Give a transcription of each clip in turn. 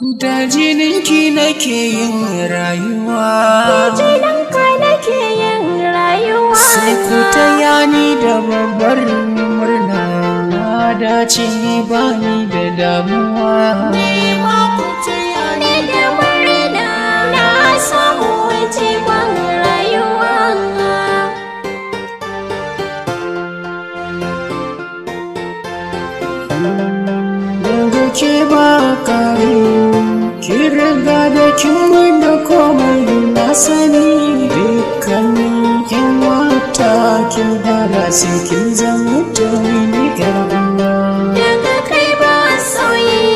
Da jininki nake yin rayuwa. Da jininka nake yin rayuwa. Sai ku taya ni da babbar murna. Na dace ni ba ni da damuwa. Ni ku taya ni da murna. Na samu wajiban rayuwa. Da ba kare. ki riga da kin mai da komai na sani dukkanin yan wata kin dara sai kin zan mutum ni garba daga kai ba sauyi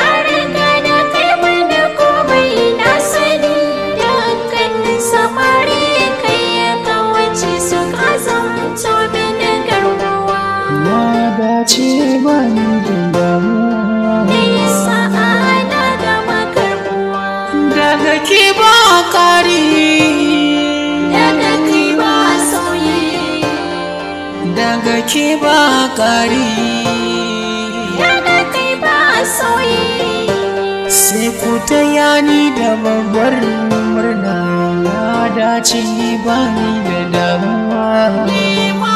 ka riga da kai mai da komai na sani dukkanin samari kai ya kawace su ka zan tobe ba ni da kai kari daga kai kai kari yani da babbar murna ya dace ba ni da damuwa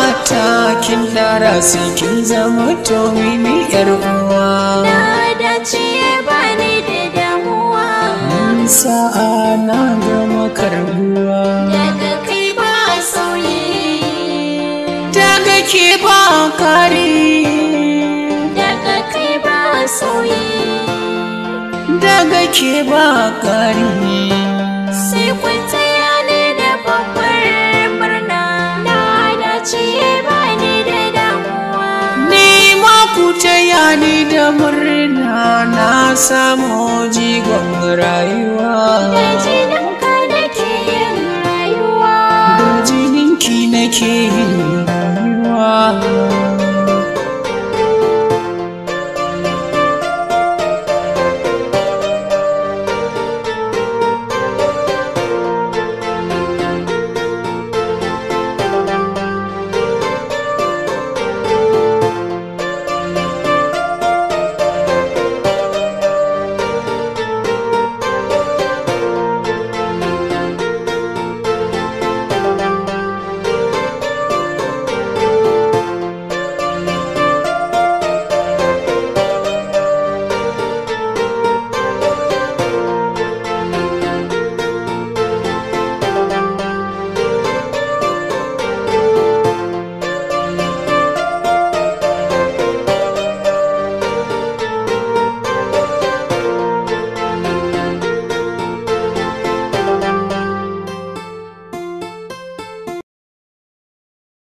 mata kin sai kin zama to mini yar uwa na dace ba ni da damuwa sa'a na gama karbuwa daga kai ba sauyi daga ke ba kare daga kai ba sauyi daga ke ba kare sai ni da murna na samu jigon rayuwa da jininka nake yin rayuwa da jininki nake yin rayuwa